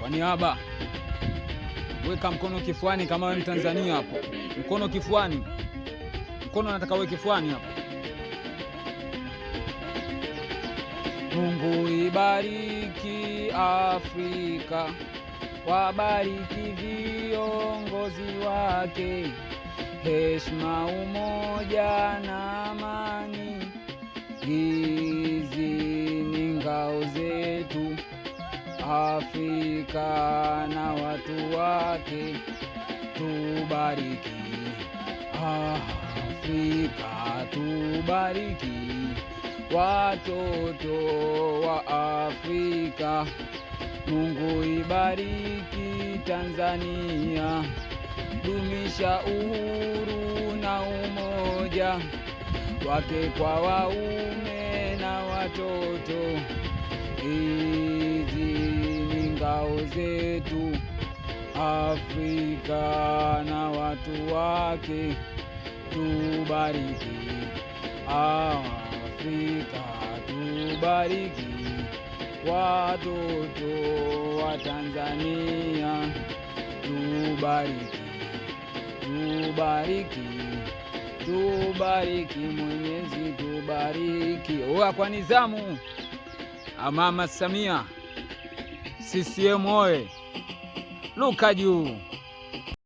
Kwa niaba, weka mkono kifuani kama wewe Mtanzania hapo. Mkono kifuani, mkono nataka uwe kifuani hapo. Mungu ibariki Afrika, wabariki viongozi wake, heshima, umoja na amani. Hizi ni ngao zetu. Afrika na watu wake, tubariki Afrika, tubariki watoto wa Afrika. Mungu ibariki Tanzania, dumisha uhuru na umoja wake kwa waume na watoto zetu. Afrika na watu wake, tubariki Afrika, tubariki watoto wa Tanzania, tubariki, tubariki, tubariki Mwenyezi, tubariki wa kwa nizamu Mama Samia. CCM oye! Look at you!